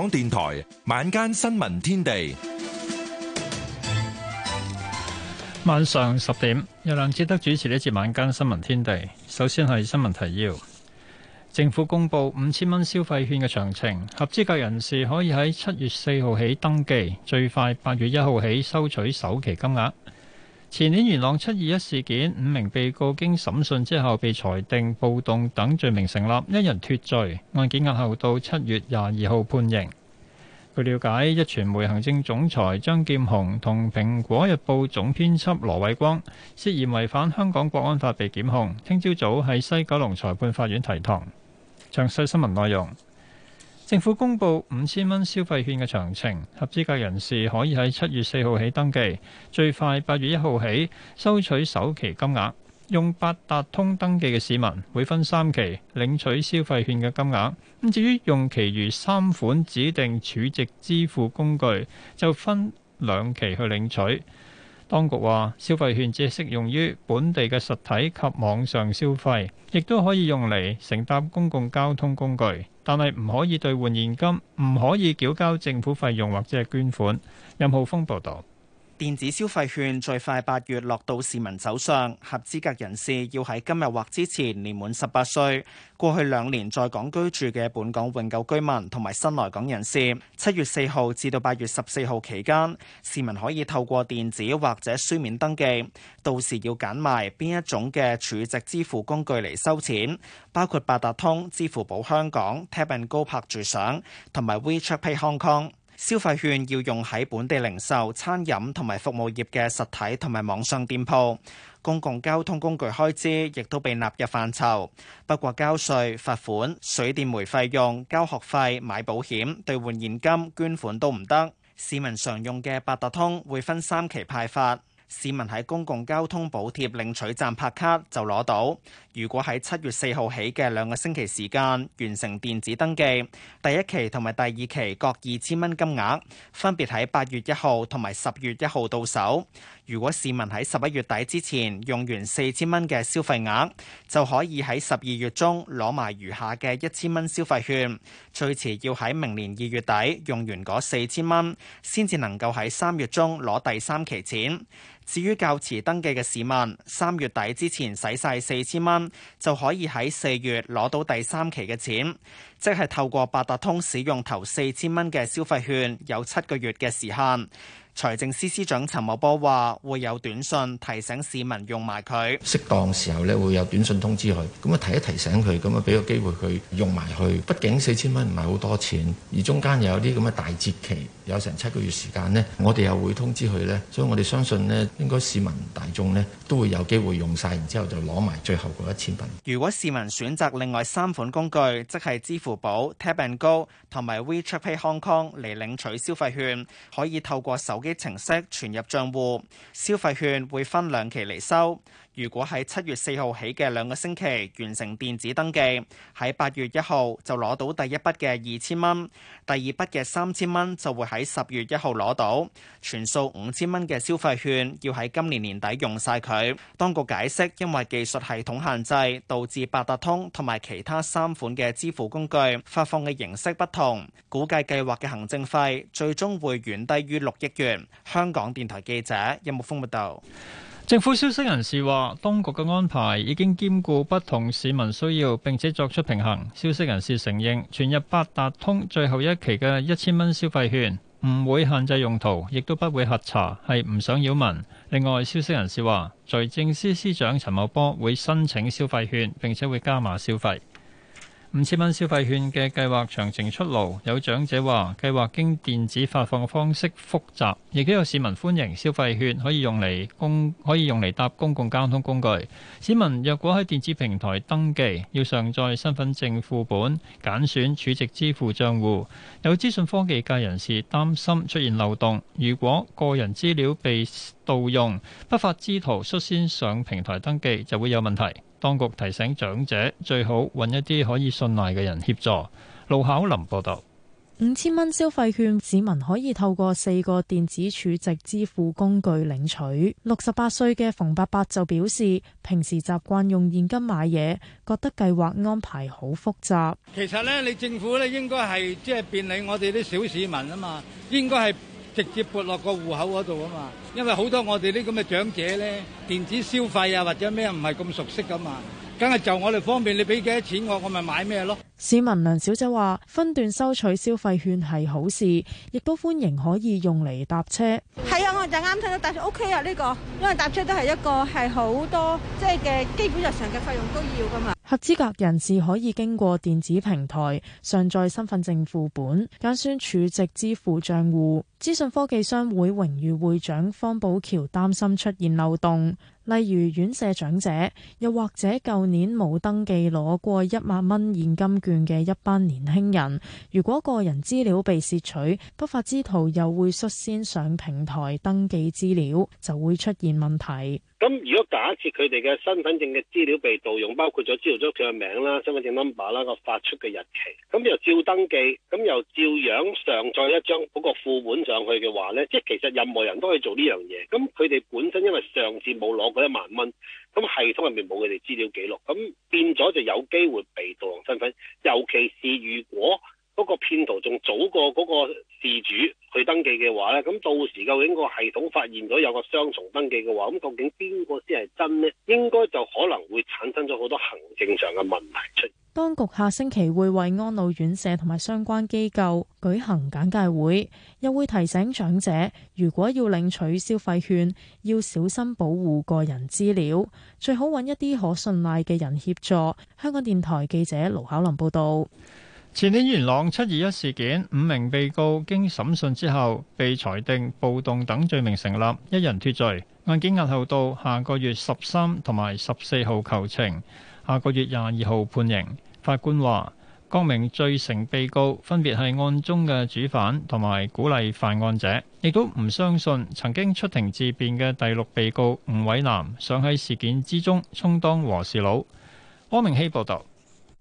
港電台晚間新聞天地，晚上十點，由梁志德主持呢節晚間新聞天地。首先係新聞提要：政府公布五千蚊消費券嘅詳情，合資格人士可以喺七月四號起登記，最快八月一號起收取首期金額。前年元朗七二一事件，五名被告經審訊之後被裁定暴動等罪名成立，一人脫罪。案件押後到七月廿二號判刑。據了解，一傳媒行政總裁張劍虹同《蘋果日報》總編輯羅偉光涉嫌違反香港國安法被檢控，聽朝早喺西九龍裁判法院提堂。詳細新聞內容。政府公布五千蚊消費券嘅詳情，合資格人士可以喺七月四號起登記，最快八月一號起收取首期金額。用八達通登記嘅市民會分三期領取消費券嘅金額，咁、嗯、至於用其餘三款指定儲值支付工具，就分兩期去領取。當局話消費券只適用於本地嘅實體及網上消費，亦都可以用嚟乘搭公共交通工具。但係唔可以兌換現金，唔可以繳交政府費用或者係捐款。任浩峰報導。電子消費券最快八月落到市民手上，合資格人士要喺今日或之前年滿十八歲，過去兩年在港居住嘅本港永久居民同埋新來港人士。七月四號至到八月十四號期間，市民可以透過電子或者書面登記，到時要揀埋邊一種嘅儲值支付工具嚟收錢，包括八達通、支付寶香港、Tap and Go 拍住賞，同埋 WeChat Pay Hong Kong。消費券要用喺本地零售、餐飲同埋服務業嘅實體同埋網上店鋪，公共交通工具開支亦都被納入範疇。不過，交稅、罰款、水電煤費用、交學費、買保險、兌換現金、捐款都唔得。市民常用嘅八達通會分三期派發。市民喺公共交通補貼領取站拍卡就攞到。如果喺七月四號起嘅兩個星期時間完成電子登記，第一期同埋第二期各二千蚊金額，分別喺八月一號同埋十月一號到手。如果市民喺十一月底之前用完四千蚊嘅消費額，就可以喺十二月中攞埋餘下嘅一千蚊消費券。最遲要喺明年二月底用完嗰四千蚊，先至能夠喺三月中攞第三期錢。至於較遲登記嘅市民，三月底之前使晒四千蚊，就可以喺四月攞到第三期嘅錢，即係透過八達通使用頭四千蚊嘅消費券，有七個月嘅時限。財政司司長陳茂波話：會有短信提醒市民用埋佢，適當時候咧會有短信通知佢，咁啊提一提醒佢，咁啊俾個機會佢用埋佢。畢竟四千蚊唔係好多錢，而中間又有啲咁嘅大節期，有成七個月時間呢，我哋又會通知佢咧。所以我哋相信咧，應該市民大眾咧都會有機會用晒，然之後就攞埋最後嗰一千蚊。如果市民選擇另外三款工具，即係支付寶、Tap & Go 同埋 WeChat Pay Hong Kong 嚟領取消費券，可以透過手機。程式存入賬戶，消費券會分兩期嚟收。如果喺七月四號起嘅兩個星期完成電子登記，喺八月一號就攞到第一筆嘅二千蚊，第二筆嘅三千蚊就會喺十月一號攞到，全數五千蚊嘅消費券要喺今年年底用晒佢。當局解釋，因為技術系統限制，導致八達通同埋其他三款嘅支付工具發放嘅形式不同，估計計劃嘅行政費最終會遠低於六億元。香港電台記者任木峯報道。政府消息人士話，當局嘅安排已經兼顧不同市民需要，並且作出平衡。消息人士承認，存入八達通最後一期嘅一千蚊消費券唔會限制用途，亦都不會核查，係唔想擾民。另外，消息人士話，財政司司長陳茂波會申請消費券，並且會加碼消費。五千蚊消費券嘅計劃詳情出爐，有長者話計劃經電子發放嘅方式複雜，亦都有市民歡迎消費券可以用嚟公可以用嚟搭公共交通工具。市民若果喺電子平台登記，要上載身份證副本、揀選儲值支付賬戶。有資訊科技界人士擔心出現漏洞，如果個人資料被盜用，不法之徒率先上平台登記就會有問題。當局提醒長者最好揾一啲可以信賴嘅人協助。盧巧林報導。五千蚊消費券，市民可以透過四個電子儲值支付工具領取。六十八歲嘅馮伯伯就表示，平時習慣用現金買嘢，覺得計劃安排好複雜。其實呢，你政府呢應該係即係便利我哋啲小市民啊嘛，應該係。直接撥落個戶口嗰度啊嘛，因為好多我哋啲咁嘅長者咧，電子消費啊或者咩唔係咁熟悉噶嘛。梗係就我哋方便，你俾幾多錢我，我咪買咩咯？市民梁小姐話：分段收取消費券係好事，亦都歡迎可以用嚟搭車。係啊，我就啱睇到搭車 OK 啊呢個，因為搭車都係一個係好多即係嘅基本日常嘅費用都要㗎嘛。合資格人士可以經過電子平台上載身份證副本、揀選儲值支付帳戶。資訊科技商會榮譽會長方寶橋擔心出現漏洞。例如院舍長者，又或者舊年冇登記攞過一萬蚊現金券嘅一班年輕人，如果個人資料被竊取，不法之徒又會率先上平台登記資料，就會出現問題。咁如果假設佢哋嘅身份證嘅資料被盜用，包括咗知道咗佢嘅名啦、身份證 number 啦、個發出嘅日期，咁又照登記，咁又照樣上載一張嗰個副本上去嘅話呢，即係其實任何人都可以做呢樣嘢。咁佢哋本身因為上次冇攞過一萬蚊，咁系統入面冇佢哋資料記錄，咁變咗就有機會被盜用身份。尤其是如果嗰個騙徒仲早過嗰個事主去登記嘅話咧，咁到時究竟個系統發現咗有個雙重登記嘅話，咁究竟邊個先係真呢？應該就可能會產生咗好多行政上嘅問題出。出。當局下星期會為安老院舍同埋相關機構舉行簡介會，又會提醒長者如果要領取消費券，要小心保護個人資料，最好揾一啲可信賴嘅人協助。香港電台記者盧巧林報道。前年元朗七二一事件，五名被告經審訊之後被裁定暴動等罪名成立，一人脫罪。案件押後到下個月十三同埋十四號求情，下個月廿二號判刑。法官話各名罪成被告分別係案中嘅主犯同埋鼓勵犯案者，亦都唔相信曾經出庭自辯嘅第六被告吳偉南想喺事件之中充當和事佬。柯明希報道。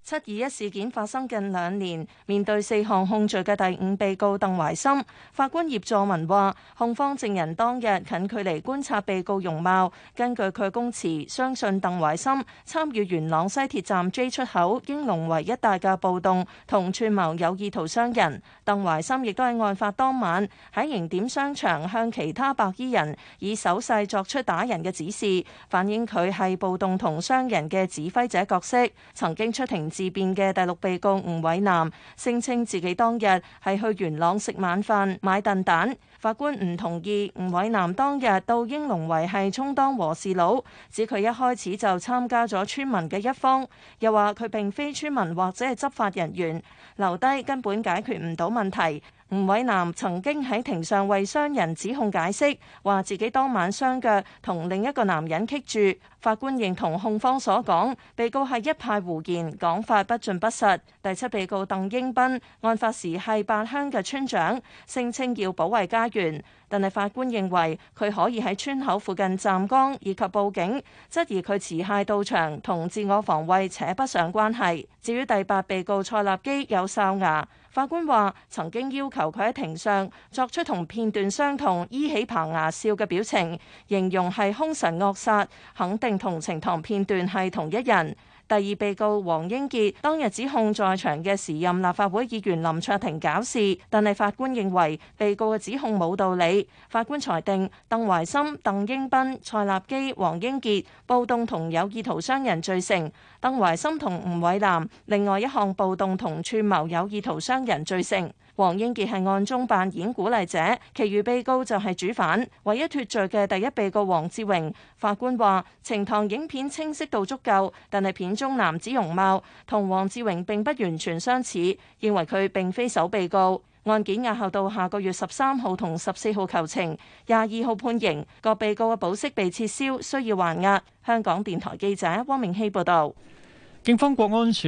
七二一事件發生近兩年，面對四項控罪嘅第五被告鄧懷琛，法官葉佐文話：控方證人當日近距離觀察被告容貌，根據佢供詞，相信鄧懷琛參與元朗西鐵站 J 出口英龍圍一帶嘅暴動，同串謀有意圖傷人。鄧懷琛亦都喺案發當晚喺形點商場向其他白衣人以手勢作出打人嘅指示，反映佢係暴動同傷人嘅指揮者角色。曾經出庭自辯嘅第六被告吳偉南聲稱自己當日係去元朗食晚飯買燉蛋、蛋，法官唔同意吳偉南當日到英龍圍係充當和事佬，指佢一開始就參加咗村民嘅一方，又話佢並非村民或者係執法人員，留低根本解決唔到問題。吳偉南曾經喺庭上為傷人指控解釋，話自己當晚雙腳同另一個男人棘住。法官認同控方所講，被告係一派胡言，講法不盡不實。第七被告鄧英斌，案發時係八鄉嘅村長，聲稱要保衛家園，但係法官認為佢可以喺村口附近站崗以及報警，質疑佢持械到場同自我防衛扯不上關係。至於第八被告蔡立基有哨牙。法官話：曾經要求佢喺庭上作出同片段相同依起棚牙笑嘅表情，形容係兇神惡煞，肯定同呈堂片段係同一人。第二被告黃英傑當日指控在場嘅時任立法會議員林卓廷搞事，但係法官認為被告嘅指控冇道理。法官裁定鄧懷森、鄧英斌、蔡立基、黃英傑暴動同有意圖傷人罪成；鄧懷森同吳偉南另外一項暴動同串謀有意圖傷人罪成。黃英杰係案中扮演鼓勵者，其餘被告就係主犯。唯一脫罪嘅第一被告黃志榮，法官話：呈堂影片清晰度足夠，但係片中男子容貌同黃志榮並不完全相似，認為佢並非首被告。案件押後到下個月十三號同十四號求情，廿二號判刑。各被告嘅保釋被撤銷，需要還押。香港電台記者汪明熙報道。警方國安處。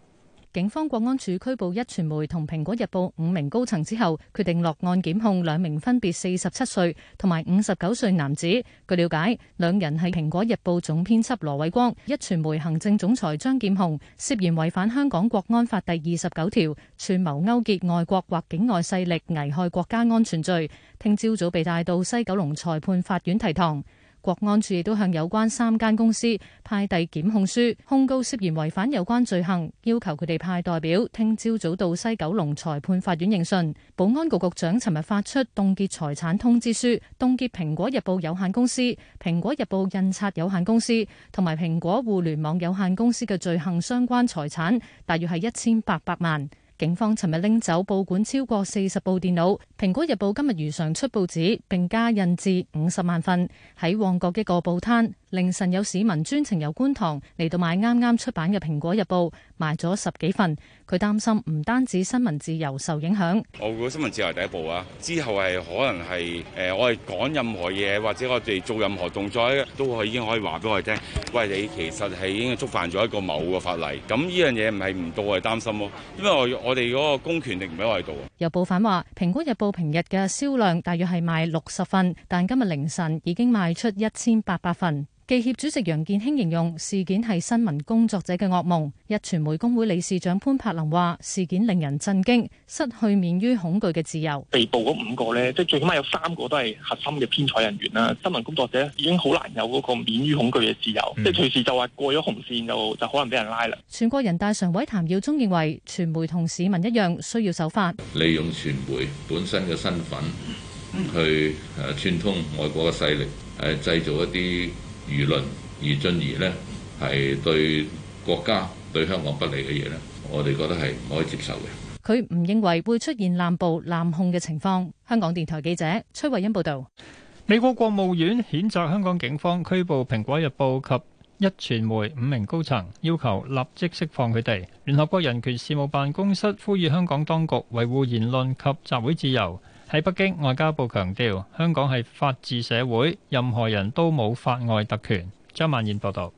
警方國安處拘捕一傳媒同蘋果日報五名高層之後，決定落案檢控兩名分別四十七歲同埋五十九歲男子。據了解，兩人係蘋果日報總編輯羅偉光、一傳媒行政總裁張劍虹，涉嫌違反香港國安法第二十九條，串謀勾結外國或境外勢力危害國家安全罪。聽朝早被帶到西九龍裁判法院提堂。國安處亦都向有關三間公司派遞檢控書，控告涉嫌違反有關罪行，要求佢哋派代表聽朝早到西九龍裁判法院應訊。保安局局長尋日發出凍結財產通知書，凍結蘋果日報有限公司、蘋果日報印刷有限公司同埋蘋果互聯網有限公司嘅罪行相關財產，大約係一千八百萬。警方尋日拎走報館超過四十部電腦。《蘋果日報》今日如常出報紙，並加印至五十萬份。喺旺角一個報攤，凌晨有市民專程由觀塘嚟到買啱啱出版嘅《蘋果日報》。賣咗十幾份，佢擔心唔單止新聞自由受影響。我估新聞自由係第一步啊，之後係可能係誒、呃，我哋講任何嘢或者我哋做任何動作咧，都可以已經可以話俾我哋聽。喂，你其實係已經觸犯咗一個某個法例。咁呢樣嘢唔係唔到我哋擔心咯，因為我我哋嗰個公權力唔喺我哋度。有報反話，《蘋果日報》平日嘅銷量大約係賣六十份，但今日凌晨已經賣出一千八百份。記協主席楊健興形容事件係新聞工作者嘅噩夢。壹傳媒工會理事長潘柏林話：事件令人震驚，失去免於恐懼嘅自由。被捕嗰五個呢，即係最起碼有三個都係核心嘅編採人員啦。新聞工作者已經好難有嗰個免於恐懼嘅自由，嗯、即係隨時就話過咗紅線就就可能俾人拉啦。全國人大常委譚耀宗認為，傳媒同市民一樣需要守法。利用傳媒本身嘅身份去誒串通外國嘅勢力，誒製造一啲。輿論而進而咧，係對國家對香港不利嘅嘢咧，我哋覺得係唔可以接受嘅。佢唔認為會出現濫捕濫控嘅情況，香港電台記者崔慧欣報道，美國國務院譴責香港警方拘捕《蘋果日報》及壹傳媒五名高層，要求立即釋放佢哋。聯合國人權事務辦公室呼籲香港當局維護言論及集會自由。喺北京，外交部強調香港係法治社會，任何人都冇法外特權。張曼燕報導。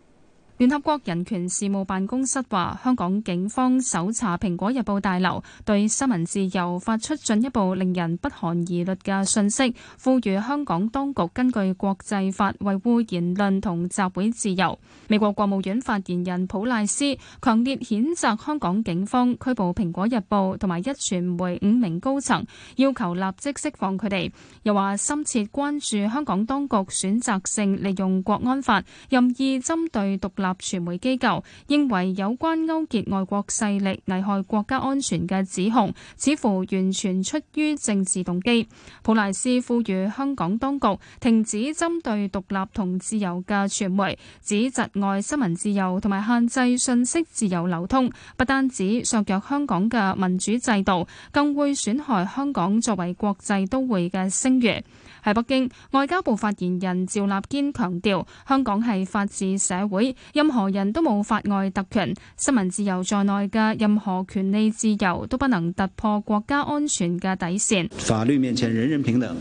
聯合國人權事務辦公室話，香港警方搜查《蘋果日報》大樓，對新聞自由發出進一步令人不寒而慄嘅訊息，呼籲香港當局根據國際法維護言論同集會自由。美國國務院發言人普賴斯強烈譴責香港警方拘捕《蘋果日報》同埋一傳媒五名高層，要求立即釋放佢哋，又話深切關注香港當局選擇性利用國安法任意針對獨立。立傳媒機構認為有關勾結外國勢力危害國家安全嘅指控，似乎完全出於政治動機。普萊斯呼籲香港當局停止針對獨立同自由嘅傳媒，指窒礙新聞自由同埋限制信息自由流通，不單止削弱香港嘅民主制度，更會損害香港作為國際都會嘅聲譽。喺北京，外交部發言人趙立堅強調，香港係法治社會，任何人都冇法外特權，新聞自由在內嘅任何權利自由都不能突破國家安全嘅底線。法律面前人人平等，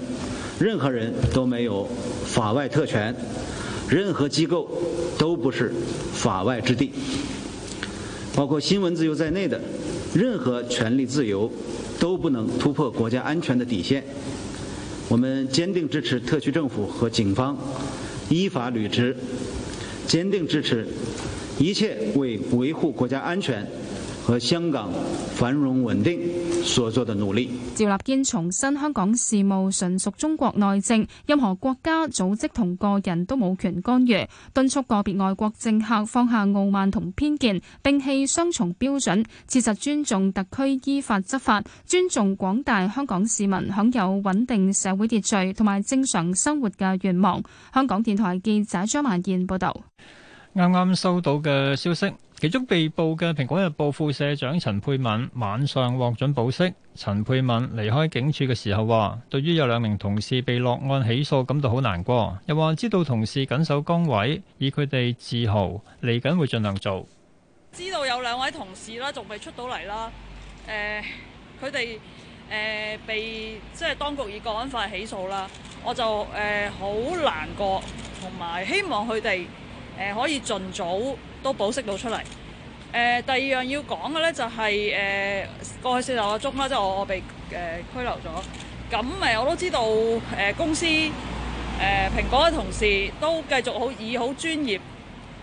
任何人都沒有法外特權，任何機構都不是法外之地，包括新聞自由在內的任何權利自由都不能突破國家安全嘅底線。我們堅定支持特區政府和警方依法履職，堅定支持一切為維護國家安全和香港繁榮穩定所做的努力。趙立堅重申，香港事務純屬中國內政，任何國家組織同個人都冇權干預，敦促個別外國政客放下傲慢同偏見，摒棄雙重標準，切實尊重特區依法執法，尊重廣大香港市民享有穩定社會秩序同埋正常生活嘅願望。香港電台記者張曼燕報道。啱啱收到嘅消息。其中被捕嘅《蘋果日報》副社長陳佩敏晚上獲准保釋。陳佩敏離開警署嘅時候話，對於有兩名同事被落案起訴感到好難過，又話知道同事緊守崗位，以佢哋自豪，嚟緊會盡量做。知道有兩位同事啦，仲未出到嚟啦。誒、呃，佢哋誒被即係當局以國安法起訴啦，我就誒好、呃、難過，同埋希望佢哋。誒可以盡早都保釋到出嚟。誒第二樣要講嘅咧就係誒過去四十個鐘啦，即係我我被誒拘留咗。咁誒我都知道誒公司誒蘋果嘅同事都繼續好以好專業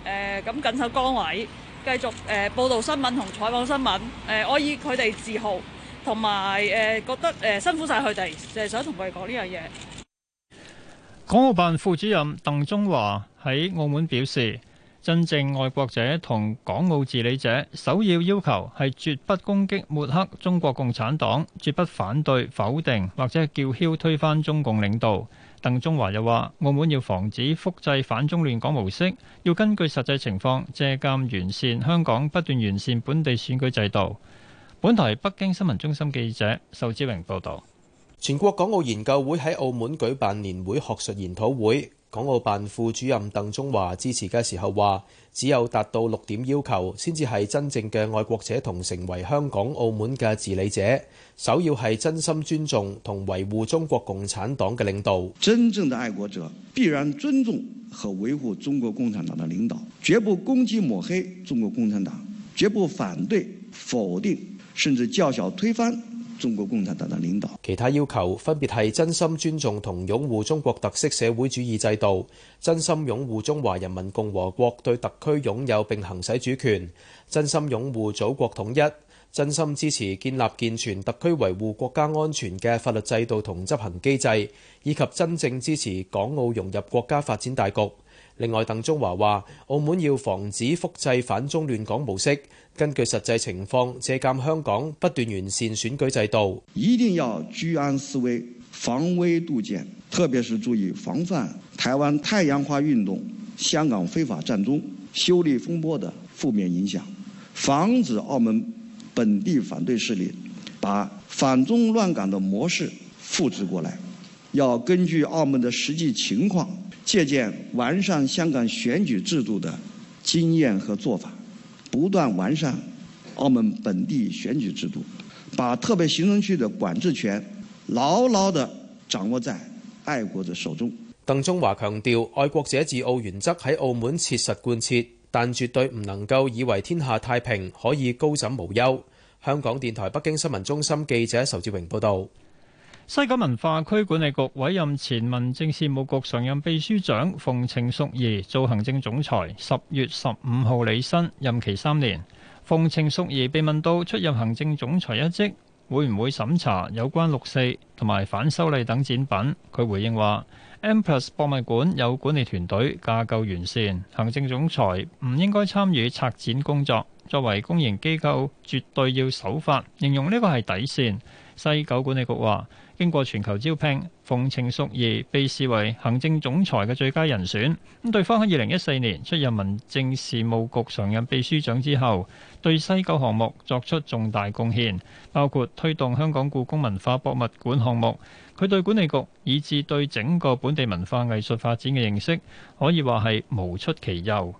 誒咁緊守崗位，繼續誒報道新聞同採訪新聞。誒我以佢哋自豪，同埋誒覺得誒辛苦曬佢哋，就係想同佢哋講呢樣嘢。港澳辦副主任鄧中華，喺澳門表示，真正愛國者同港澳治理者首要要求係絕不攻擊抹黑中國共產黨，絕不反對否定或者叫囂推翻中共領導。鄧中華又話：澳門要防止複製反中亂港模式，要根據實際情況借鑑完善香港不斷完善本地選舉制度。本台北京新聞中心記者仇志榮報導。全國港澳研究會喺澳門舉辦年會學術研討會。港澳辦副主任鄧中華支持嘅時候話：只有達到六點要求，先至係真正嘅愛國者同成為香港、澳門嘅治理者。首要係真心尊重同維護中國共產黨嘅領導。真正的愛國者必然尊重和維護中國共產黨的領導，絕不攻擊抹黑中國共產黨，絕不反對、否定甚至叫囂推翻。中國共產黨嘅領導，其他要求分別係真心尊重同擁護中國特色社會主義制度，真心擁護中華人民共和國對特區擁有並行使主權，真心擁護祖國統一，真心支持建立健全特區維護國家安全嘅法律制度同執行機制，以及真正支持港澳融入國家發展大局。另外，鄧中華話：澳門要防止複製反中亂港模式，根據實際情況借鑑香港不斷完善選舉制度。一定要居安思危，防微杜漸，特別是注意防範台灣太陽花運動、香港非法佔中、修例風波的負面影響，防止澳門本地反對勢力把反中亂港的模式複製過來，要根據澳門的實際情況。借鑒完善香港選舉制度的經驗和做法，不斷完善澳門本地選舉制度，把特別行政區的管治權牢牢地掌握在愛國者手中。鄧中華強調，愛國者治澳原則喺澳門切實貫徹，但絕對唔能夠以為天下太平可以高枕無憂。香港電台北京新聞中心記者仇志榮報道。西九文化區管理局委任前民政事務局常任秘書長馮程淑儀做行政總裁，十月十五號履新，任期三年。馮程淑儀被問到出任行政總裁一職會唔會審查有關六四同埋反修例等展品，佢回應話：M+ 博物館有管理團隊，架構完善，行政總裁唔應該參與策展工作。作為公營機構，絕對要守法，形容呢個係底線。西九管理局話。經過全球招聘，馮程淑儀被視為行政總裁嘅最佳人選。咁對方喺二零一四年出任民政事務局常任秘書長之後，對西九項目作出重大貢獻，包括推動香港故宮文化博物館項目。佢對管理局以至對整個本地文化藝術發展嘅認識，可以話係無出其右。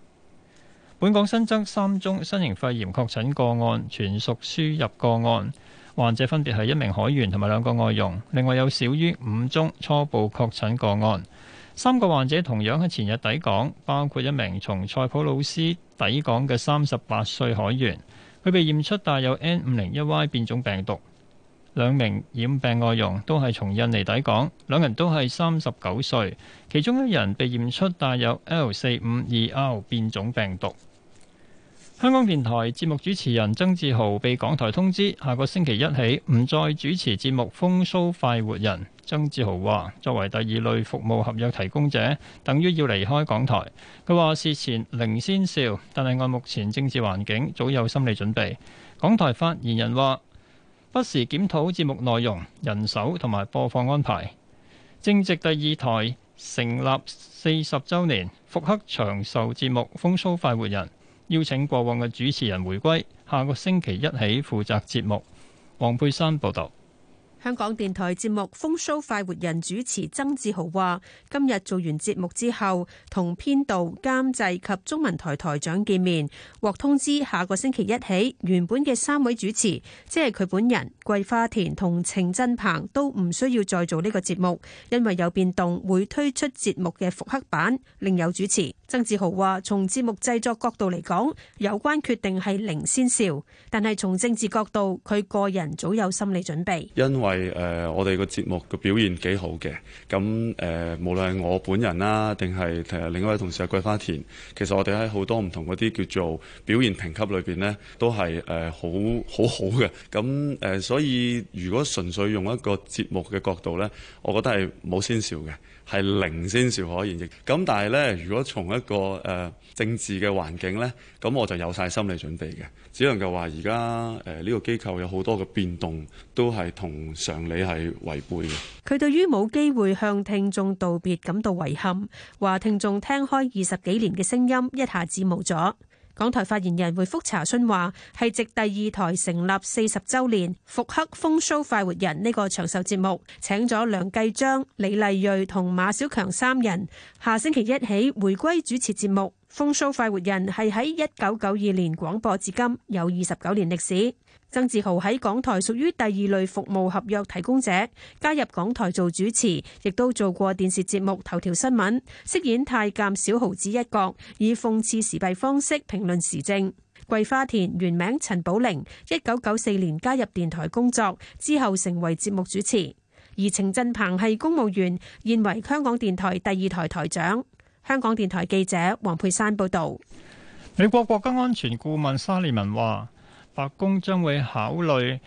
本港新增三宗新型肺炎確診個案，全屬輸入個案。患者分別係一名海員同埋兩個外傭，另外有少於五宗初步確診個案。三個患者同樣喺前日抵港，包括一名從塞浦路斯抵港嘅三十八歲海員，佢被驗出帶有 N501Y 變種病毒。兩名染病外傭都係從印尼抵港，兩人都係三十九歲，其中一人被驗出帶有 L452R 變種病毒。香港電台節目主持人曾志豪被港台通知，下個星期一起唔再主持節目《風騷快活人》。曾志豪話作為第二類服務合約提供者，等於要離開港台。佢話事前零先兆，但係按目前政治環境，早有心理準備，港台發言人話不時檢討節目內容、人手同埋播放安排。正值第二台成立四十周年，復刻長壽節目《風騷快活人》。邀請過往嘅主持人回歸，下個星期一起負責節目。黃佩珊報導。香港電台節目《風騷快活人》主持曾志豪話：今日做完節目之後，同編導、監製及中文台台長見面，獲通知下個星期一起。原本嘅三位主持，即係佢本人、桂花田同程振鵬，都唔需要再做呢個節目，因為有變動，會推出節目嘅復刻版。另有主持曾志豪話：從節目製作角度嚟講，有關決定係零先兆，但係從政治角度，佢個人早有心理準備。係誒、呃，我哋個節目嘅表現幾好嘅，咁誒、呃，無論係我本人啦、啊，定係誒另一位同事阿桂花田，其實我哋喺好多唔同嗰啲叫做表現評級裏邊咧，都係誒、呃、好，好好好嘅，咁誒、呃，所以如果純粹用一個節目嘅角度咧，我覺得係冇先兆嘅。係零先兆可言，咁但係咧，如果從一個誒、呃、政治嘅環境咧，咁我就有晒心理準備嘅，只能夠話而家誒呢個機構有好多嘅變動，都係同常理係違背嘅。佢對於冇機會向聽眾道別感到遺憾，話聽眾聽開二十幾年嘅聲音，一下子冇咗。港台發言人回覆查詢話：係值第二台成立四十周年，復刻《風騷快活人》呢、這個長壽節目，請咗梁繼章、李麗蕊同馬小強三人下星期一起回歸主持節目。《風騷快活人》係喺一九九二年廣播至今，有二十九年歷史。曾志豪喺港台屬於第二類服務合約提供者，加入港台做主持，亦都做過電視節目頭條新聞，飾演太監小豪子一角，以諷刺時弊方式評論時政。桂花田原名陳寶玲，一九九四年加入電台工作，之後成為節目主持。而程振鵬係公務員，現為香港電台第二台台長。香港電台記者黃佩珊報道。美國國家安全顧問沙利文話。白宮將會考慮，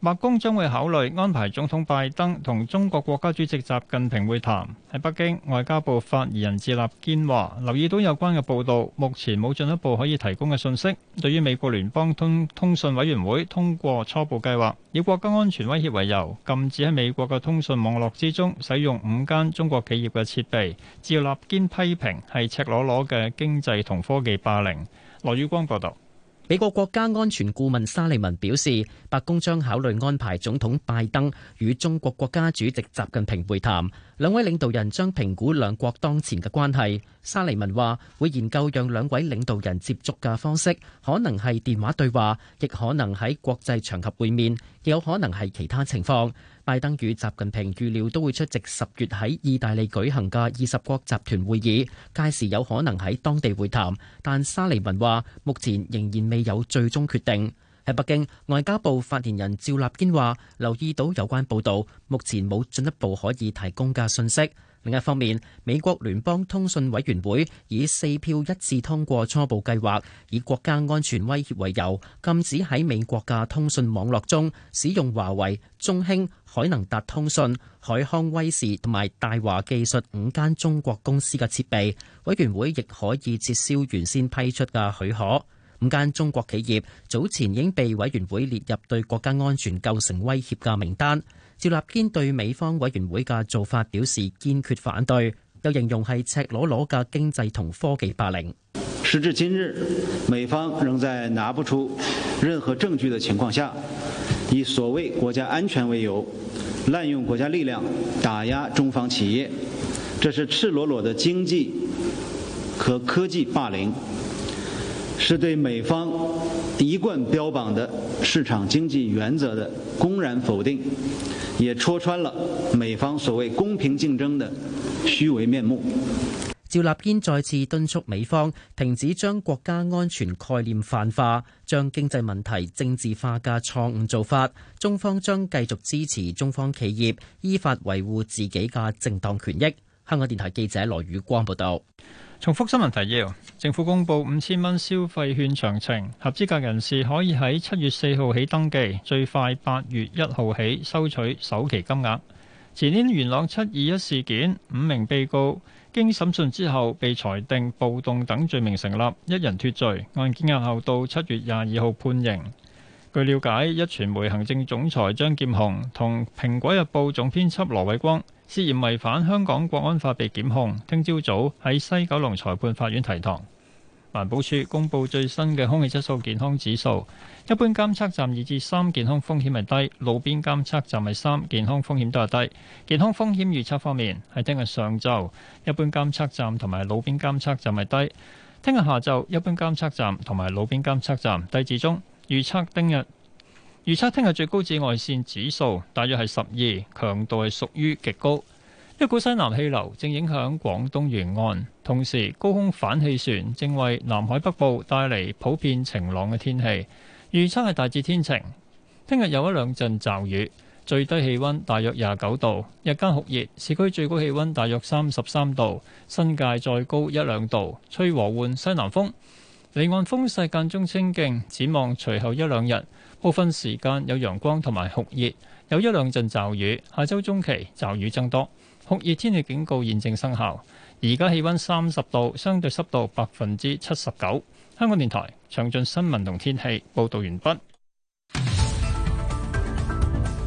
白宮將會考慮安排總統拜登同中國國家主席習近平會談喺北京。外交部發言人趙立堅話：留意到有關嘅報道，目前冇進一步可以提供嘅信息。對於美國聯邦通通訊委員會通過初步計劃，以國家安全威脅為由禁止喺美國嘅通訊網絡之中使用五間中國企業嘅設備，趙立堅批評係赤裸裸嘅經濟同科技霸凌。羅宇光報導。美國國家安全顧問沙利文表示，白宮將考慮安排總統拜登與中國國家主席習近平會談，兩位領導人將評估兩國當前嘅關係。沙利文話，會研究讓兩位領導人接觸嘅方式，可能係電話對話，亦可能喺國際場合會面，亦有可能係其他情況。拜登與習近平預料都會出席十月喺意大利舉行嘅二十國集團會議，屆時有可能喺當地會談。但沙利文話，目前仍然未有最終決定。喺北京，外交部發言人趙立堅話：留意到有關報導，目前冇進一步可以提供嘅信息。另一方面，美國聯邦通訊委員會以四票一致通過初步計劃，以國家安全威脅為由，禁止喺美國嘅通訊網絡中使用華為、中興、海能達通訊、海康威視同埋大華技術五間中國公司嘅設備。委員會亦可以撤銷原先批出嘅許可。五間中國企業早前已經被委員會列入對國家安全構成威脅嘅名單。趙立堅對美方委員會嘅做法表示堅決反對，又形容係赤裸裸嘅經濟同科技霸凌。時至今日，美方仍在拿不出任何證據的情況下，以所謂國家安全為由，濫用國家力量打壓中方企業，這是赤裸裸的經濟和科技霸凌。是對美方一貫標榜的市場經濟原則的公然否定，也戳穿了美方所謂公平競爭的虛偽面目。趙立堅再次敦促美方停止將國家安全概念泛化、將經濟問題政治化嘅錯誤做法。中方將繼續支持中方企業依法維護自己嘅正當權益。香港電台記者羅宇光報道。重複新聞提要：政府公布五千蚊消費券詳情，合資格人士可以喺七月四號起登記，最快八月一號起收取首期金額。前年元朗七二一事件，五名被告經審訊之後被裁定暴動等罪名成立，一人脫罪，案件押後到七月廿二號判刑。據了解，壹傳媒行政總裁張劍虹同《蘋果日報》總編輯羅偉光。涉嫌違反香港國安法被檢控，聽朝早喺西九龍裁判法院提堂。環保署公布最新嘅空氣質素健康指數，一般監測站二至三健康風險係低，路邊監測站係三健康風險都係低。健康風險預測方面，喺聽日上晝一般監測站同埋路邊監測站係低，聽日下晝一般監測站同埋路邊監測站低至中預測，聽日。預測聽日最高紫外線指數大約係十二，強度係屬於極高。一股西南氣流正影響廣東沿岸，同時高空反氣旋正為南海北部帶嚟普遍晴朗嘅天氣。預測係大致天晴，聽日有一兩陣驟雨，最低氣温大約廿九度，日間酷熱，市區最高氣温大約三十三度，新界再高一兩度，吹和緩西南風，離岸風勢間中清勁，展望隨後一兩日。部分時間有陽光同埋酷熱，有一兩陣驟雨。下周中期驟雨增多，酷熱天氣警告現正生效。而家氣温三十度，相對濕度百分之七十九。香港電台詳盡新聞同天氣報導完畢。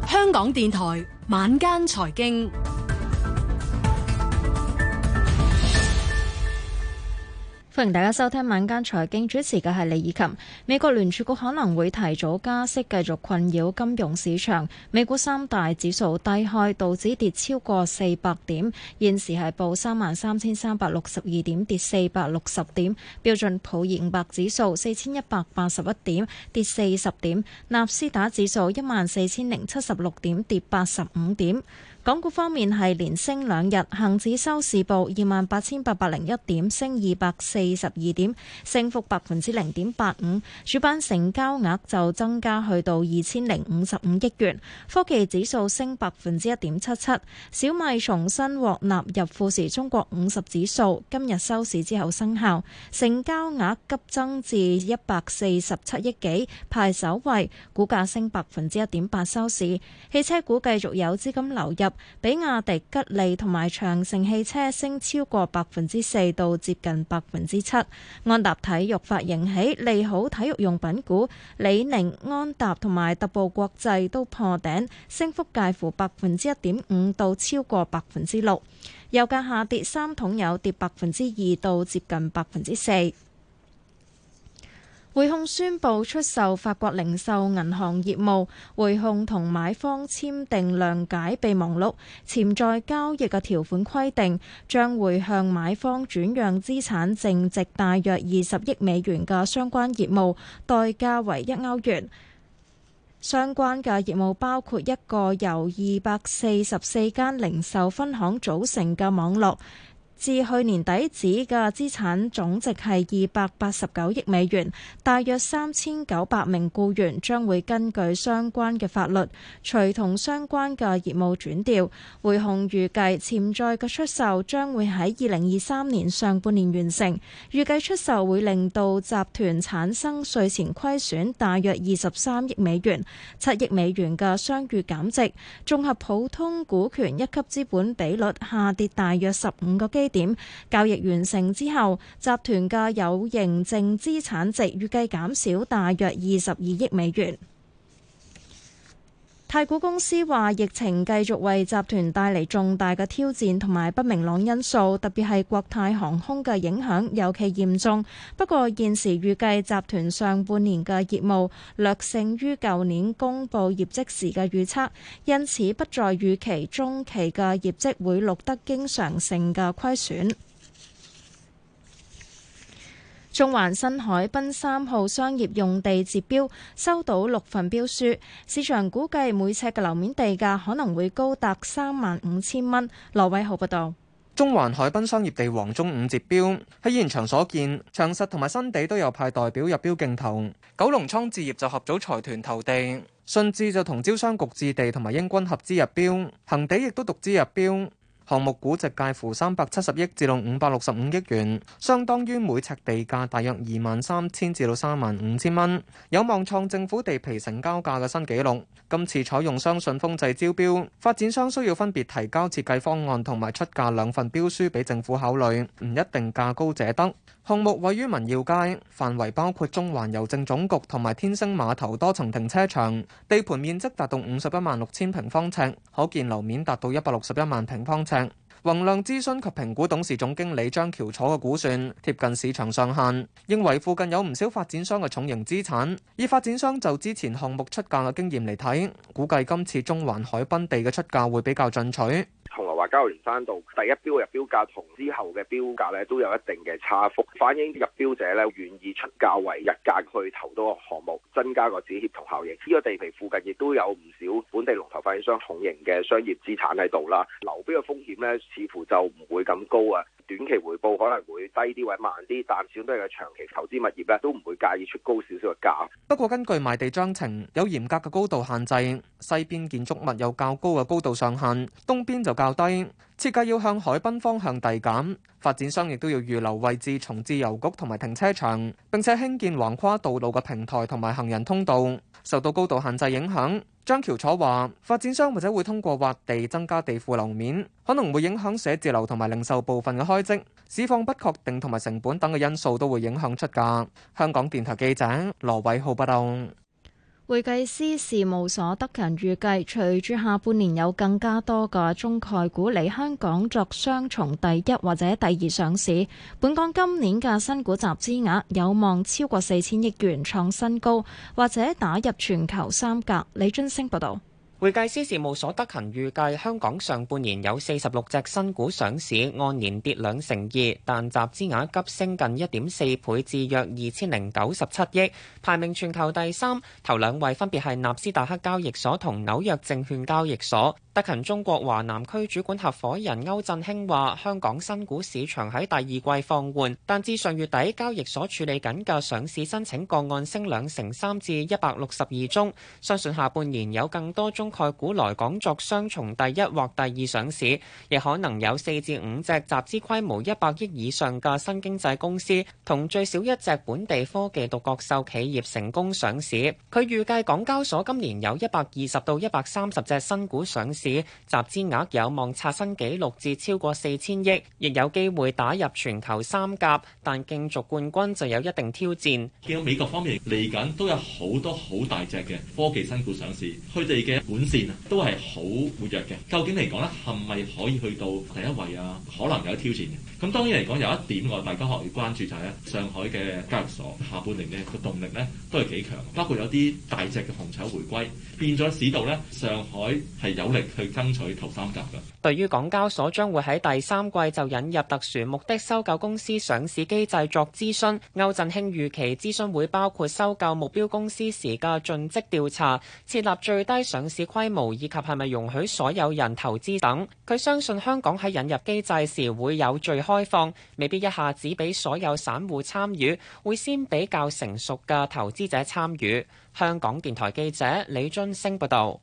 香港電台晚間財經。歡迎大家收聽晚間財經，主持嘅係李以琴。美國聯儲局可能會提早加息，繼續困擾金融市場。美股三大指數低開，道指跌超過四百點，現時係報三萬三千三百六十二點，跌四百六十點。標準普爾五百指數四千一百八十一點，跌四十點。納斯達指數一萬四千零七十六點，跌八十五點。港股方面係連升兩日，恒指收市報二萬八千八百零一點，升二百四十二點，升幅百分之零點八五。主板成交額就增加去到二千零五十五億元。科技指數升百分之一點七七。小米重新獲納入富時中國五十指數，今日收市之後生效。成交額急增至一百四十七億幾，排首位。股價升百分之一點八收市。汽車股繼續有資金流入。比亞迪、吉利同埋長城汽車升超過百分之四到接近百分之七，安踏體育發盈喜利好體育用品股，李寧、安踏同埋特步國際都破頂，升幅介乎百分之一點五到超過百分之六。油價下跌,跌，三桶油跌百分之二到接近百分之四。匯控宣布出售法國零售銀行業務，匯控同買方簽訂諒解備忘錄，潛在交易嘅條款規定，將會向買方轉讓資產淨值大約二十億美元嘅相關業務，代價為一歐元。相關嘅業務包括一個由二百四十四間零售分行組成嘅網絡。至去年底止嘅資產總值係二百八十九億美元，大約三千九百名僱員將會根據相關嘅法律，隨同相關嘅業務轉調。匯控預計潛在嘅出售將會喺二零二三年上半年完成，預計出售會令到集團產生稅前虧損大約二十三億美元、七億美元嘅商譽減值，綜合普通股權一級資本比率下跌大約十五個基.點。交易完成之後，集團嘅有形淨資產值預計減少大約二十二億美元。太古公司話：疫情繼續為集團帶嚟重大嘅挑戰同埋不明朗因素，特別係國泰航空嘅影響尤其嚴重。不過現時預計集團上半年嘅業務略勝於舊年公佈業績時嘅預測，因此不再預期中期嘅業績會錄得經常性嘅虧損。中環新海濱三號商業用地截標，收到六份標書，市場估計每尺嘅樓面地價可能會高達三萬五千蚊。羅偉豪報導，中環海濱商業地王中午截標，喺現場所見，長實同埋新地都有派代表入標競投，九龍倉置業就合組財團投地，信置就同招商局置地同埋英軍合資入標，恒地亦都獨資入標。項目估值介乎三百七十億至到五百六十五億元，相當於每尺地價大約二萬三千至到三萬五千蚊，有望創政府地皮成交價嘅新紀錄。今次採用雙信封制招標，發展商需要分別提交設計方案同埋出價兩份標書俾政府考慮，唔一定價高者得。項目位於民耀街，範圍包括中環郵政總局同埋天星碼頭多層停車場，地盤面積達到五十一萬六千平方尺，可建樓面達到一百六十一萬平方尺。宏亮諮詢及評估董事總經理張喬楚嘅估算貼近市場上限，認為附近有唔少發展商嘅重型資產。以發展商就之前項目出價嘅經驗嚟睇，估計今次中環海濱地嘅出價會比較進取。同埋話交易連山道第一標入標價同之後嘅標價咧都有一定嘅差幅，反映入標者咧願意出價為日家去投多個項目，增加個子協同效應。呢、呢個地皮附近亦都有唔少本地龍頭發展商統營嘅商業資產喺度啦，流標嘅風險咧似乎就唔會咁高啊。短期回報可能會低啲、或者慢啲，但少數嘅長期投資物業咧，都唔會介意出高少少嘅價。不過根據賣地章程，有嚴格嘅高度限制，西邊建築物有較高嘅高度上限，東邊就較低。設計要向海濱方向遞減，發展商亦都要預留位置，重置郵局同埋停車場，並且興建橫跨道路嘅平台同埋行人通道。受到高度限制影響，張橋楚話：發展商或者會通過挖地增加地庫樓面，可能會影響寫字樓同埋零售部分嘅開積。市況不確定同埋成本等嘅因素都會影響出價。香港電台記者羅偉浩報道。會計師事務所，德勤預計，隨住下半年有更加多嘅中概股嚟香港作雙重第一或者第二上市，本港今年嘅新股集資額有望超過四千億元，創新高，或者打入全球三甲。李津星報道。會計師事務所德勤預計，香港上半年有四十六隻新股上市，按年跌兩成二，但集資額急升近一點四倍，至約二千零九十七億，排名全球第三，頭兩位分別係納斯達克交易所同紐約證券交易所。德勤中國華南區主管合夥人歐振興話：香港新股市場喺第二季放緩，但至上月底交易所處理緊嘅上市申請個案升兩成三至一百六十二宗，相信下半年有更多中概股來港作雙重第一或第二上市，亦可能有四至五隻集資規模一百億以上嘅新經濟公司同最少一隻本地科技獨角獸企業成功上市。佢預計港交所今年有一百二十到一百三十隻新股上市。市集資額有望刷新紀錄至超過四千億，亦有機會打入全球三甲，但競逐冠軍就有一定挑戰。見到美國方面嚟緊都有好多好大隻嘅科技新股上市，佢哋嘅本線都係好活躍嘅。究竟嚟講呢係咪可以去到第一位啊？可能有挑戰嘅。咁當然嚟講，有一點我大家可以關注就係上海嘅交易所下半年嘅動力呢都係幾強，包括有啲大隻嘅紅籌回歸，變咗市道呢，上海係有力。去爭取淘三甲嘅。對於港交所將會喺第三季就引入特殊目的收購公司上市機制作諮詢。歐振興預期諮詢會包括收購目標公司時嘅盡職調查、設立最低上市規模以及係咪容許所有人投資等。佢相信香港喺引入機制時會有序開放，未必一下子俾所有散戶參與，會先比較成熟嘅投資者參與。香港電台記者李津升報道。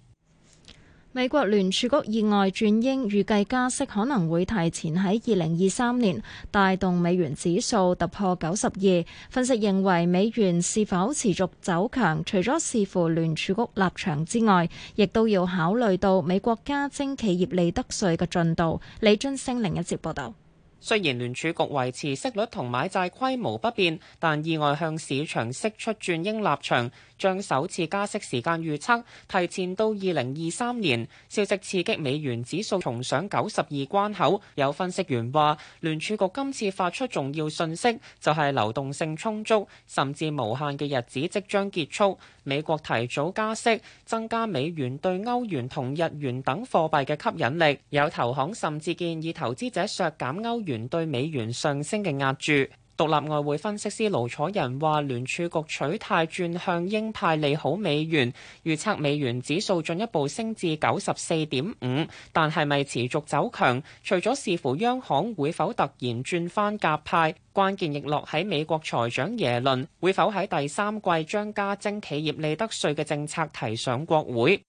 美國聯儲局意外轉鷹，預計加息可能會提前喺二零二三年，帶動美元指數突破九十二。分析認為，美元是否持續走強，除咗視乎聯儲局立場之外，亦都要考慮到美國加徵企業利得稅嘅進度。李津升另一節報道。雖然聯儲局維持息率同買債規模不變，但意外向市場釋出轉鷹立場。將首次加息時間預測提前到二零二三年，消息刺激美元指數重上九十二關口。有分析員話，聯儲局今次發出重要訊息，就係流動性充足甚至無限嘅日子即將結束。美國提早加息，增加美元對歐元同日元等貨幣嘅吸引力。有投行甚至建議投資者削減歐元對美元上升嘅壓注。獨立外匯分析師盧楚仁話：聯儲局取態轉向鷹派利好美元，預測美元指數進一步升至九十四點五。但係咪持續走強？除咗視乎央行會否突然轉返鴿派，關鍵亦落喺美國財長耶倫會否喺第三季將加徵企業利得稅嘅政策提上國會。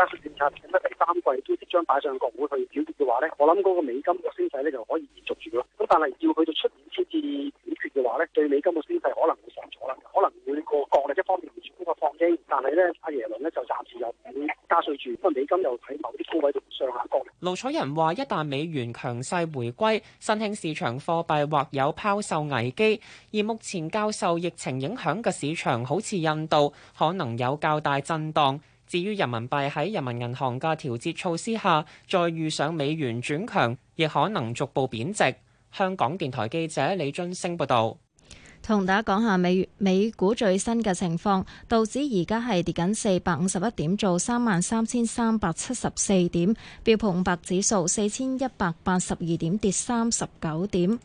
加稅政策喺第三季都即將擺上國會去表決嘅話呢我諗嗰個美金個升勢呢就可以延續住咯。咁但係，要去到出年先至表決嘅話呢對美金嘅升勢可能會上咗啦。可能會過國力一方面唔做呢個放鬆，但係呢，阿耶倫呢就暫時又唔會加稅住，因為美金又喺某啲高位度上下降。盧彩仁話：一旦美元強勢回歸，新興市場貨幣或有拋售危機。而目前較受疫情影響嘅市場，好似印度，可能有較大震盪。至於人民幣喺人民銀行嘅調節措施下，再遇上美元轉強，亦可能逐步貶值。香港電台記者李津升報道：「同大家講下美美股最新嘅情況，道指而家係跌緊四百五十一點，做三萬三千三百七十四點，標普五百指數四千一百八十二點，跌三十九點。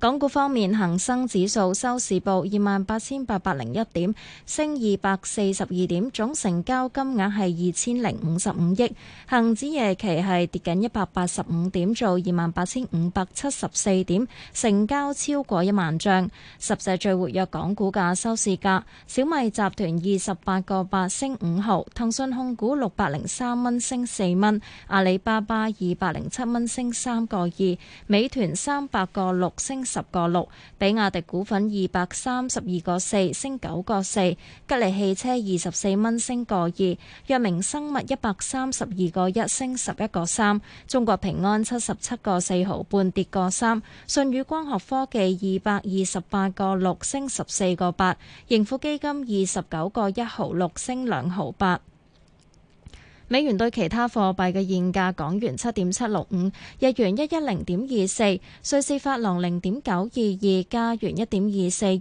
港股方面，恒生指數收市報二萬八千八百零一點，升二百四十二點，總成交金額係二千零五十五億。恒指夜期係跌緊一百八十五點，做二萬八千五百七十四點，成交超過一萬張。十隻最活躍港股嘅收市價：小米集團二十八個八升五毫，騰訊控股六百零三蚊升四蚊，阿里巴巴二百零七蚊升三個二，美團三百個六升。十個六，6, 比亞迪股份二百三十二個四，升九個四；吉利汽車二十四蚊升個二，藥明生物一百三十二個一，升十一個三；中國平安七十七個四毫半跌個三；舜宇光學科技二百二十八個六升十四個八；盈富基金二十九個一毫六升兩毫八。美元對其他貨幣嘅現價：港元七點七六五，日元一一零點二四，瑞士法郎零點九二二，加元一點二四一，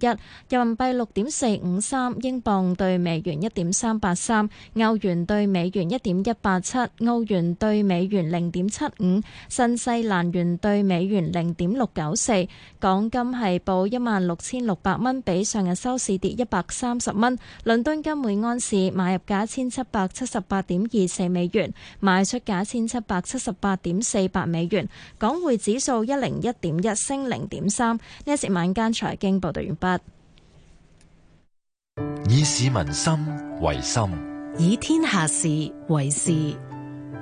人民幣六點四五三，英鎊對美元一點三八三，歐元對美元一點一八七，澳元對美元零點七五，新西蘭元對美元零點六九四。港金係報一萬六千六百蚊，比上日收市跌一百三十蚊。倫敦金每安士買入價一千七百七十八點二四美元，賣出價一千七百七十八點四八美元。港匯指數一零一點一升零點三。呢一節晚間財經報道完畢。以市民心為心，以天下事為事。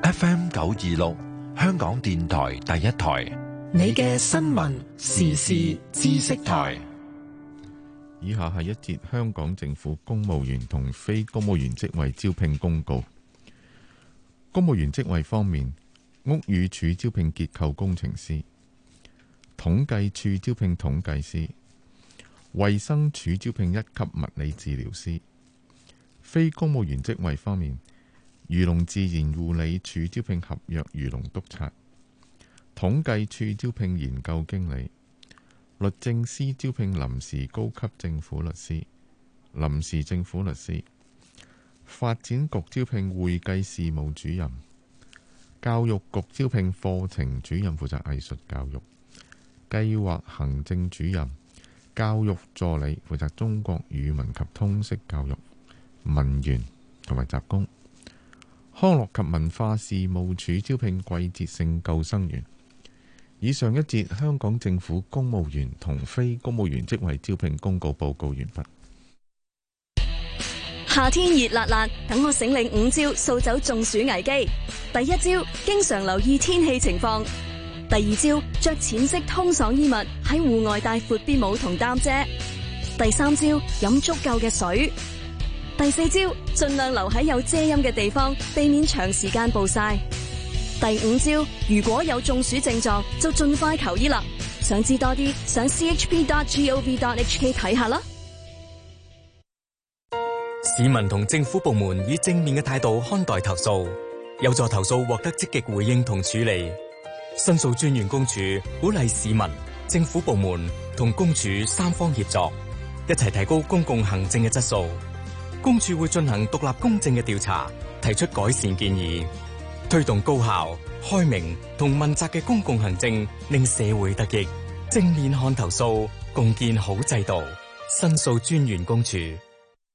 FM 九二六，香港電台第一台。你嘅新聞時事知識台。以下係一節香港政府公務員同非公務員職位招聘公告。公務員職位方面，屋宇署招聘結構工程師，統計處招聘統計師，衛生署招聘一級物理治療師。非公務員職位方面，漁農自然護理署招聘合約漁農督察，統計處招聘研究經理，律政司招聘臨時高級政府律師，臨時政府律師。發展局招聘會計事務主任，教育局招聘課程主任負責藝術教育，計劃行政主任，教育助理負責中國語文及通識教育，文員同埋雜工，康樂及文化事務署招聘季節性救生員。以上一節香港政府公務員同非公務員職位招聘公告報告完畢。夏天熱辣辣，等我醒你五招掃走中暑危機。第一招，經常留意天氣情況；第二招，着淺色通爽衣物喺戶外帶闊啲帽同擔遮；第三招，飲足夠嘅水；第四招，盡量留喺有遮陰嘅地方，避免長時間暴晒；第五招，如果有中暑症狀，就盡快求醫啦。想知多啲，上 chp.gov.hk 睇下啦。市民同政府部門以正面嘅態度看待投訴，有助投訴獲得積極回應同處理。申訴專員公署鼓勵市民、政府部門同公署三方協作，一齊提高公共行政嘅質素。公署會進行獨立公正嘅調查，提出改善建議，推動高效、開明同問責嘅公共行政，令社會得益。正面看投訴，共建好制度。申訴專員公署。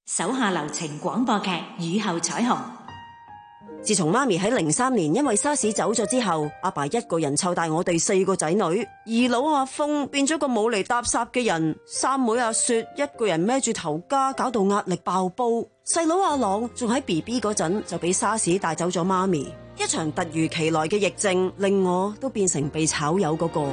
手下留情廣播劇《雨後彩虹》。自從媽咪喺零三年因為沙士走咗之後，阿爸一個人湊大我哋四個仔女。二佬阿峰變咗個冇嚟搭霎嘅人，三妹阿雪一個人孭住頭家，搞到壓力爆煲。細佬阿朗仲喺 B B 嗰陣就俾沙士帶走咗媽咪。一場突如其來嘅疫症，令我都變成被炒友嗰個。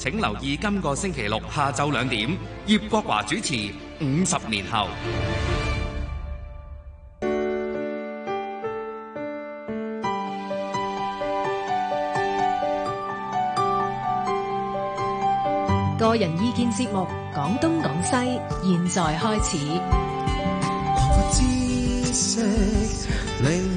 請留意今個星期六下晝兩點，葉國華主持《五十年後》。個人意見節目《講東講西》，現在開始。